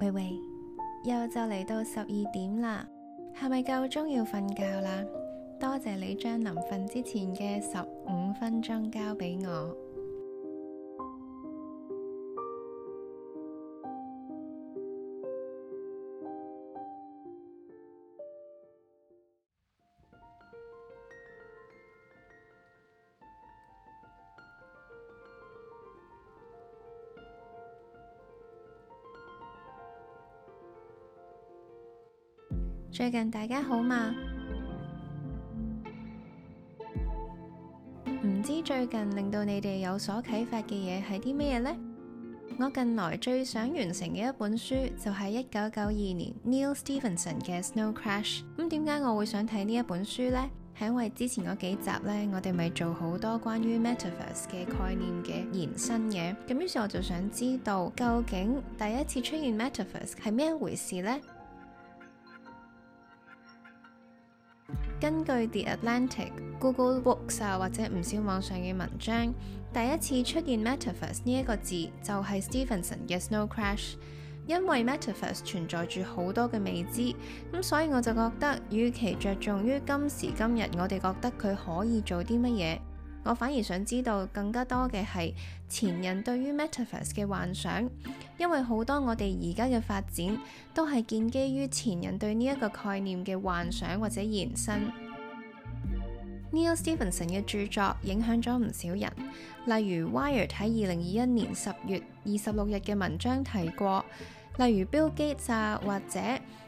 喂喂，又就嚟到十二點啦，係咪夠鐘要瞓覺啦？多謝你將臨瞓之前嘅十五分鐘交俾我。最近大家好嗎？唔知最近令到你哋有所啟發嘅嘢係啲咩嘢呢？我近來最想完成嘅一本書就係一九九二年 Neal Stephenson 嘅《Snow Crash》。咁點解我會想睇呢一本書呢？係因為之前嗰幾集呢，我哋咪做好多關於 Metaverse 嘅概念嘅延伸嘅。咁於是我就想知道，究竟第一次出現 Metaverse 係咩回事呢？根據 The Atlantic、Google Books 啊或者唔少網上嘅文章，第一次出現 Metaverse 呢一個字就係、是、Stephenson 嘅、yes, Snow Crash。因為 Metaverse 存在住好多嘅未知，咁所以我就覺得，與其着重於今時今日我哋覺得佢可以做啲乜嘢。我反而想知道更加多嘅係前人對於 Metaverse 嘅幻想，因為好多我哋而家嘅發展都係建基於前人對呢一個概念嘅幻想或者延伸。 Neal Stephenson 嘅著作影響咗唔少人，例如《Wired》喺二零二一年十月二十六日嘅文章提過，例如 Bill Gates 或者。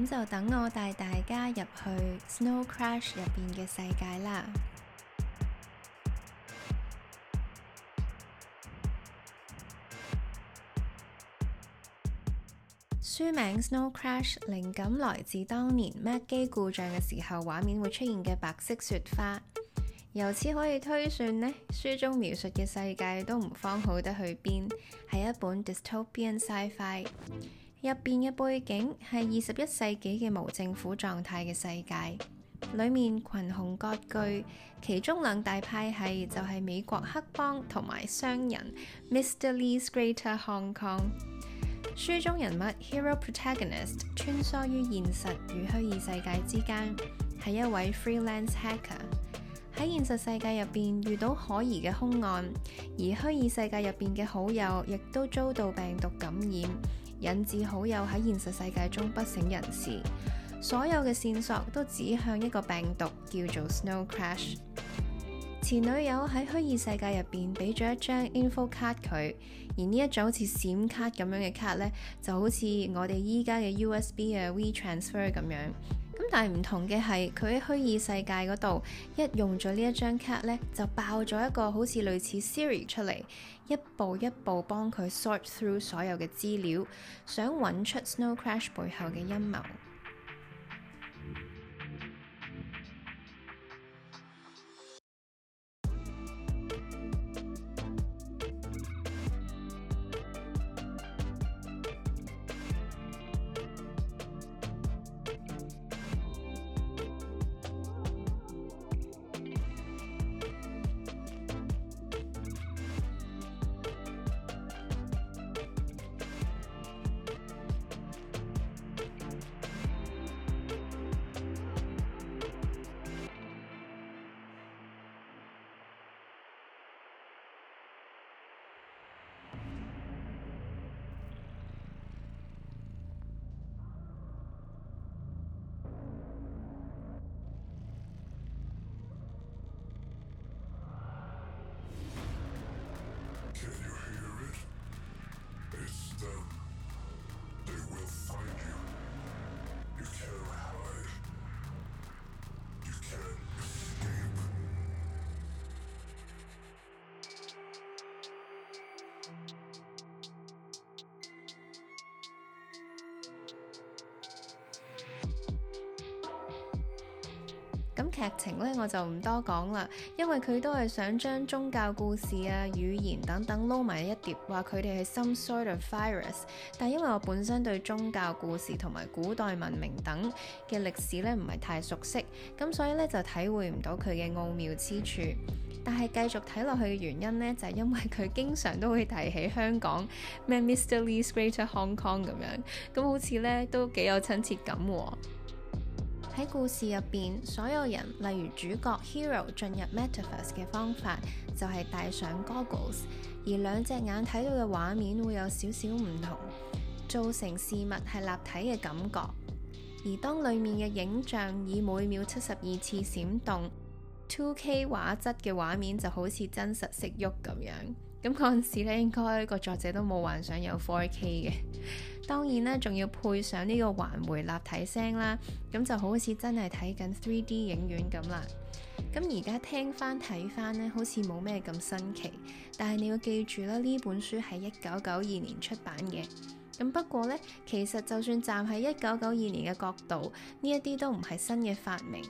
咁就等我帶大家入去《Snow Crash》入邊嘅世界啦。書名《Snow Crash》，靈感來自當年 Mac 機故障嘅時候，畫面會出現嘅白色雪花。由此可以推算呢書中描述嘅世界都唔方好得去邊，係一本 Dystopian Sci-Fi。入邊嘅背景係二十一世紀嘅無政府狀態嘅世界，裏面群雄割據，其中兩大派系就係、是、美國黑幫同埋商人 Mr. Lee's Greater Hong Kong。書中人物 Hiro Protagonist 穿梭於現實與虛擬世界之間，係一位 freelance hacker。喺現實世界入邊遇到可疑嘅兇案，而虛擬世界入邊嘅好友亦都遭到病毒感染。引致好友喺現實世界中不省人事，所有嘅線索都指向一個病毒，叫做 Snow Crash。前女友喺虛擬世界入邊俾咗一張 info 卡佢，而呢一張好似閃卡咁樣嘅卡咧，就好似我哋依家嘅 USB 嘅 We Transfer 咁樣。咁但係唔同嘅係，佢喺虛擬世界嗰度一用咗呢一張卡咧，就爆咗一個好似類似 Siri 出嚟，一步一步幫佢 sort through 所有嘅資料，想揾出 Snow Crash 背後嘅陰謀。咁劇情咧我就唔多講啦，因為佢都係想將宗教故事啊、語言等等撈埋一碟，話佢哋係 some sort of virus。但因為我本身對宗教故事同埋古代文明等嘅歷史咧唔係太熟悉，咁所以咧就體會唔到佢嘅奧妙之處。但係繼續睇落去嘅原因咧，就係、是、因為佢經常都會提起香港咩 Mr. Lee's Greater Hong Kong 咁樣，咁好似咧都幾有親切感喎。喺故事入邊，所有人例如主角 Hiro 進入 metaverse 嘅方法就係戴上 goggles，而兩隻眼睇到嘅畫面會有少少唔同，造成事物係立體嘅感覺。而當裏面嘅影像以每秒七十二次閃動。2K 畫質嘅畫面就好似真實識喐咁樣，咁嗰陣時咧應該個作者都冇幻想有 4K 嘅， 當然啦，仲要配上呢個環迴立體聲啦，咁就好似真係睇緊 3D 影院咁啦。咁而家聽翻睇翻呢，好似冇咩咁新奇，但係你要記住啦，呢本書係一九九二年出版嘅。咁不過呢，其實就算站喺一九九二年嘅角度，呢一啲都唔係新嘅發明。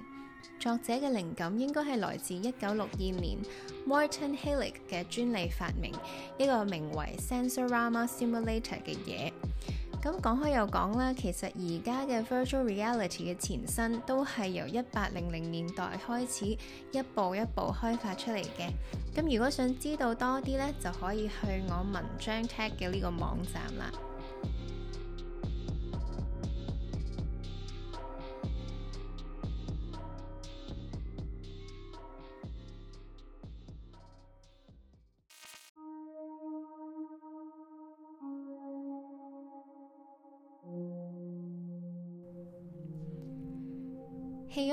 作者嘅靈感應該係來自一九六二年 Morton Heilig 嘅專利發明，一個名為 Sensorama Simulator 嘅嘢。咁講開又講啦，其實而家嘅 Virtual Reality 嘅前身都係由一八零零年代開始一步一步開發出嚟嘅。咁如果想知道多啲呢，就可以去我文章 tag 嘅呢個網站啦。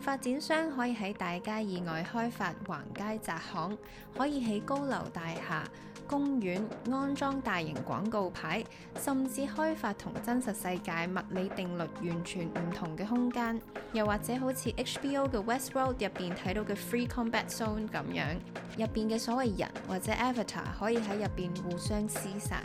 發展商可以喺大街以外開發橫街窄巷，可以喺高樓大廈、公園，安裝大型廣告牌，甚至開發同真實世界物理定律完全唔同嘅空間，又或者好似 HBO 嘅 Westworld 入邊睇到嘅 Free Combat Zone 咁樣，入邊嘅所謂人或者 Avatar 可以喺入邊互相廝殺。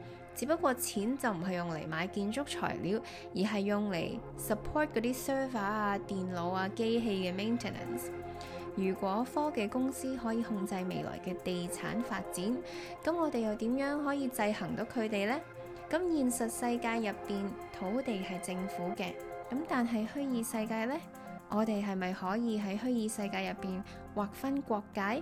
只不過錢就唔係用嚟買建築材料，而係用嚟 support 嗰啲 server 啊、電腦啊、機器嘅 maintenance。如果科技公司可以控制未來嘅地產發展，咁我哋又點樣可以制衡到佢哋呢？咁現實世界入邊土地係政府嘅，咁但係虛擬世界呢？我哋係咪可以喺虛擬世界入邊劃分國界？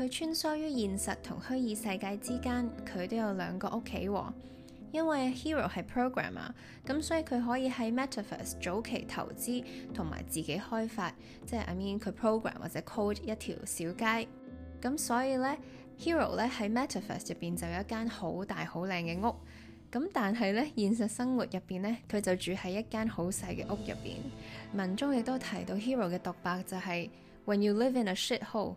佢穿梭於現實同虛擬世界之間，佢都有兩個屋企、哦。因為 Hiro 係 programmer，咁所以佢可以喺 Metaverse 早期投資同埋自己開發，即係 I mean 佢 program 或者 code 一條小街。咁所以呢 Hiro 咧，喺 Metaverse 入邊就有一間好大好靚嘅屋。咁但係呢，現實生活入邊呢，佢就住喺一間好細嘅屋入邊。文中亦都提到 Hiro 嘅獨白就係：When you live in a shit hole。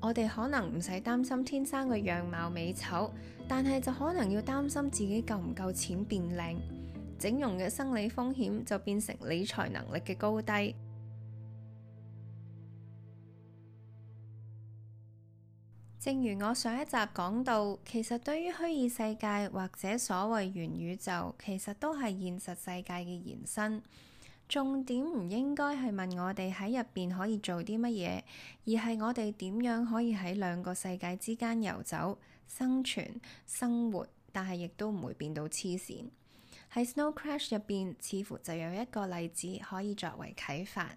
我哋可能唔使擔心天生嘅樣貌美醜，但係就可能要擔心自己夠唔夠錢變靚。整容嘅生理風險就變成理財能力嘅高低。 正如我上一集講到，其實對於虛擬世界或者所謂元宇宙，其實都係現實世界嘅延伸。重點唔應該係問我哋喺入邊可以做啲乜嘢，而係我哋點樣可以喺兩個世界之間遊走、生存、生活，但係亦都唔會變到黐線。喺《Snow Crash》入邊，似乎就有一個例子可以作為啟發。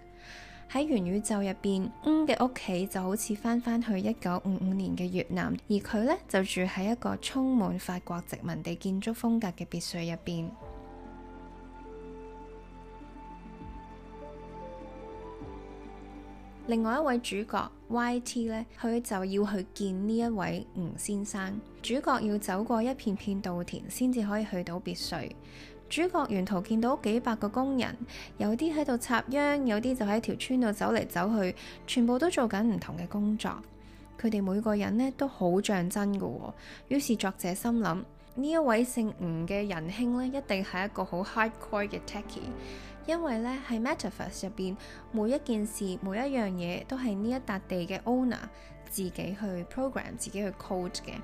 喺元宇宙入邊，吳嘅屋企就好似翻返去一九五五年嘅越南，而佢呢就住喺一個充滿法國殖民地建築風格嘅別墅入邊。另外一位主角 Y.T. 呢佢就要去見呢一位吳先生。主角要走過一片片稻田，先至可以去到別墅。主角沿途見到幾百個工人，有啲喺度插秧，有啲就喺條村度走嚟走去，全部都做緊唔同嘅工作。佢哋每個人呢都好像真嘅。於是作者心諗，呢一位姓吳嘅仁兄呢，一定係一個好 hardcore 嘅 techie，因為呢喺 Metaverse 入邊，每一件事、每一樣嘢都係呢一笪地嘅 owner 自己去 program、自己去 code 嘅。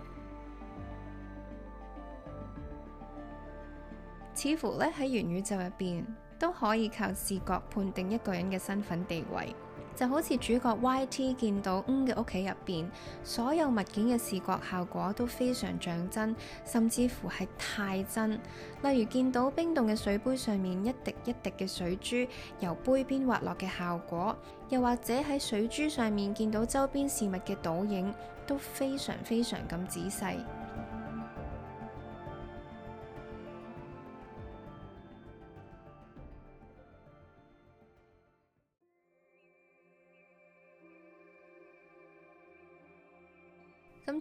似乎咧喺元宇宙入邊都可以靠視覺判定一個人嘅身份地位，就好似主角 Y.T 見到 N 嘅屋企入邊所有物件嘅視覺效果都非常像真，甚至乎係太真。例如見到冰凍嘅水杯上面一滴一滴嘅水珠由杯邊滑落嘅效果，又或者喺水珠上面見到周邊事物嘅倒影都非常非常咁仔細。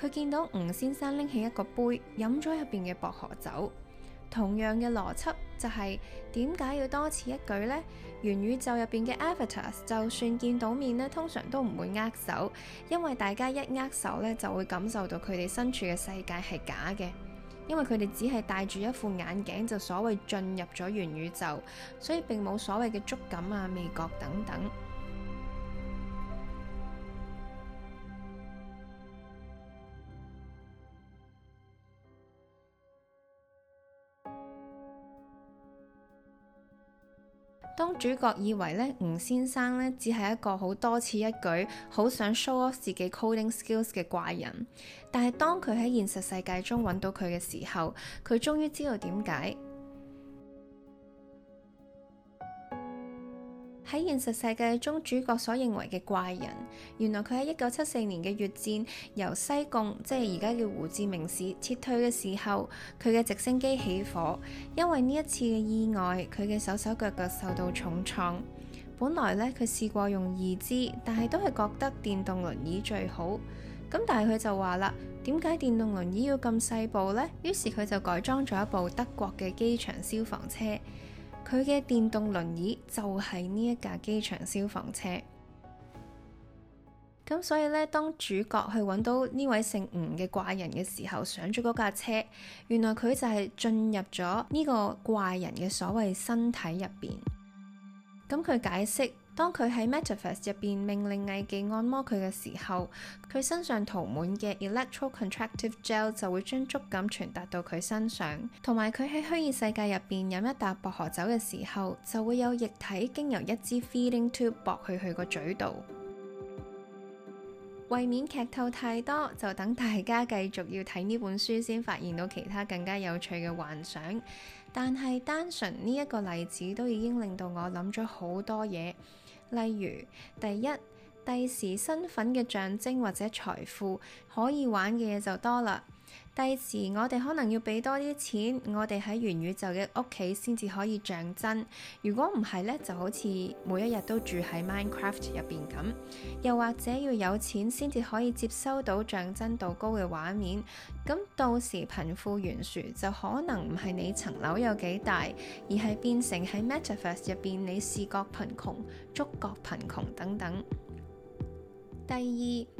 佢見到吳先生拎起一個杯飲咗入邊嘅薄荷酒，同樣嘅邏輯就係點解要多此一舉呢？元宇宙入邊嘅 Avatars 就算見到面呢，通常都唔會握手，因為大家一握手呢，就會感受到佢哋身處嘅世界係假嘅，因為佢哋只係戴住一副眼鏡就所謂進入咗元宇宙，所以並冇所謂嘅觸感啊、味覺等等。當主角以為咧吳先生咧只係一個好多此一舉，好想 show off 自己 coding skills 嘅怪人，但係當佢喺現實世界中搵到佢嘅時候，佢終於知道點解。喺現實世界中，主角所認為嘅怪人，原來佢喺一九七四年嘅越戰由西貢，即係而家叫胡志明市撤退嘅時候，佢嘅直升機起火，因為呢一次嘅意外，佢嘅手手腳腳受到重創。本來咧，佢試過用義肢，但係都係覺得電動輪椅最好。咁但係佢就話啦，點解電動輪椅要咁細部呢？於是佢就改裝咗一部德國嘅機場消防車。佢嘅電動輪椅就係呢一架機場消防車，咁所以呢，當主角去揾到呢位姓吳嘅怪人嘅時候，上咗嗰架車，原來佢就係進入咗呢個怪人嘅所謂身體入邊，咁佢解釋。當佢喺 Metaverse 入邊命令藝妓按摩佢嘅時候，佢身上塗滿嘅 Electrocontractive Gel 就會將觸感傳達到佢身上。同埋佢喺虛擬世界入邊飲一啖薄荷酒嘅時候，就會有液體經由一支 Feeding Tube 駁去佢個嘴度。為免劇透太多，就等大家繼續要睇呢本書先發現到其他更加有趣嘅幻想。但係單純呢一個例子都已經令到我諗咗好多嘢。例如，第一，第時身份嘅象徵或者財富，可以玩嘅嘢就多啦。第時我哋可能要俾多啲錢，我哋喺元宇宙嘅屋企先至可以象真。如果唔係呢，就好似每一日都住喺 Minecraft 入邊咁。又或者要有錢先至可以接收到象真度高嘅畫面。咁到時貧富懸殊就可能唔係你層樓有幾大，而係變成喺 Metaverse 入邊你視覺貧窮、觸覺貧窮等等。第二。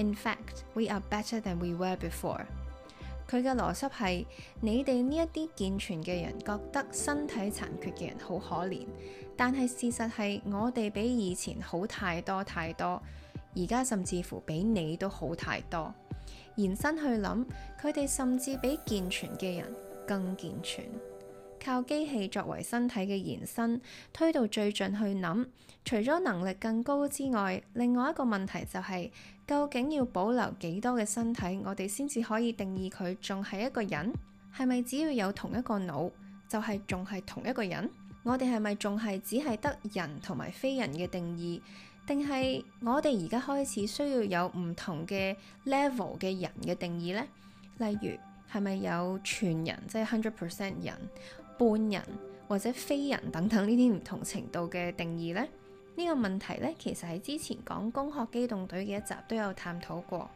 In fact, we are better than we were before。佢嘅邏輯係：你哋呢一啲健全嘅人覺得身體殘缺嘅人好可憐，但係事實係我哋比以前好太多太多。而家甚至乎比你都好太多。延伸去諗，佢哋甚至比健全嘅人更健全。靠機器作為身體嘅延伸，推到最盡去諗，除咗能力更高之外，另外一個問題就係。究竟要保留幾多嘅身體，我哋先至可以定義佢仲係一個人？係咪只要有同一個腦，就係仲係同一個人？我哋係咪仲係只係得人同埋非人嘅定義？定係我哋而家開始需要有唔同嘅 level 嘅人嘅定義呢？例如係咪有全人，即係 hundred percent 人，半人或者非人等等呢啲唔同程度嘅定義呢？呢個問題呢，其實喺之前講攻殼機動隊嘅一集都有探討過。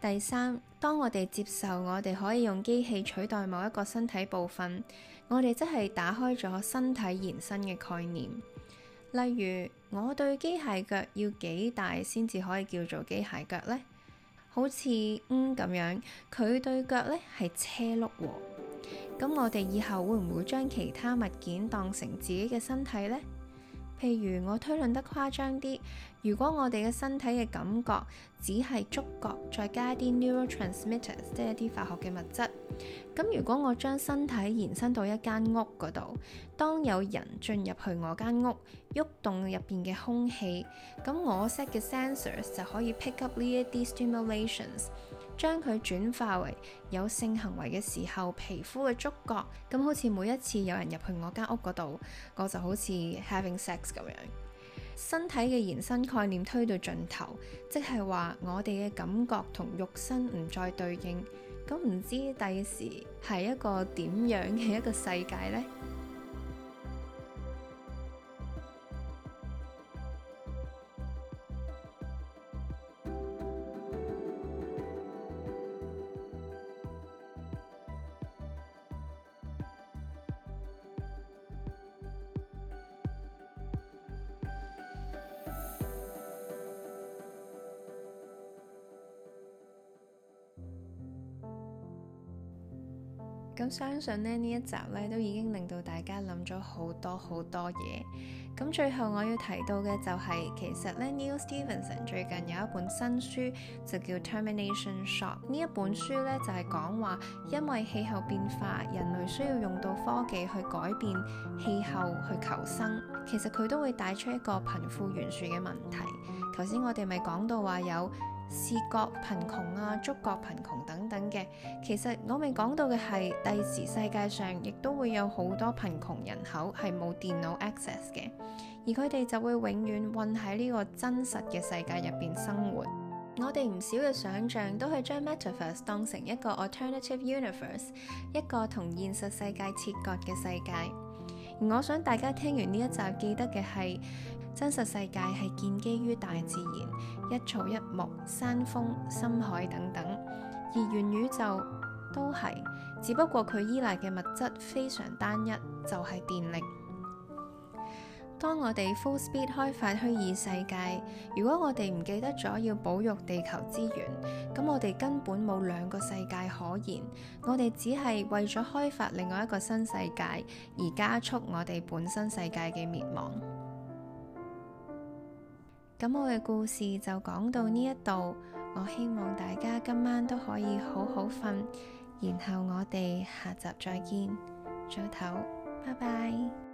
第三，當我哋接受我哋可以用機器取代某一個身體部分，我哋即係打開咗身體延伸嘅概念。例如，我對機械腳要幾大先至可以叫做機械腳呢？好似嗯咁樣，佢對腳呢係車轆喎。咁我哋以後會唔會將其他物件當成自己嘅身體呢？譬如我推論得誇張啲，如果我哋嘅身體嘅感覺只係觸覺，再加啲 neurotransmitters，即係一啲化學嘅物質，咁如果我將身體延伸到一間屋嗰度，當有人進入去我間屋，喐動入邊嘅空氣，咁我 set 嘅 sensors 就可以 pick up 呢一啲 stimulations。將佢轉化為有性行為嘅時候，皮膚嘅觸覺，咁好似每一次有人入去我間屋嗰度，我就好似 having sex 咁樣，身體嘅延伸概念推到盡頭，即係話我哋嘅感覺同肉身唔再對應，咁唔知第時係一個點樣嘅一個世界呢？咁相信呢一集咧都已經令到大家諗咗好多好多嘢。咁最後我要提到嘅就係、是，其實咧 Neal Stephenson 最近有一本新書就叫 Termination Shock 呢一本書咧就係、是、講話因為氣候變化，人類需要用到科技去改變氣候去求生。其實佢都會帶出一個貧富懸殊嘅問題。頭先我哋咪講到話有。視覺貧窮啊，觸覺貧窮等等嘅，其實我未講到嘅係，第時世界上亦都會有好多貧窮人口係冇電腦 access 嘅，而佢哋就會永遠混喺呢個真實嘅世界入邊生活。 我哋唔少嘅想像都係將 Metaverse 當成一個 alternative universe，一個同現實世界切割嘅世界。而我想大家聽完呢一集，記得嘅係，真實世界係建基於大自然，一草一木、山峰、深海等等，而元宇宙都係，只不過佢依賴嘅物質非常單一，就係、是、電力。當我哋 full speed 開發虛擬世界，如果我哋唔記得咗要保育地球資源，咁我哋根本冇兩個世界可言，我哋只係為咗開發另外一個新世界而加速我哋本身世界嘅滅亡。咁我嘅故事就講到呢一度，我希望大家今晚都可以好好瞓，然後我哋下集再見，早唞，拜拜。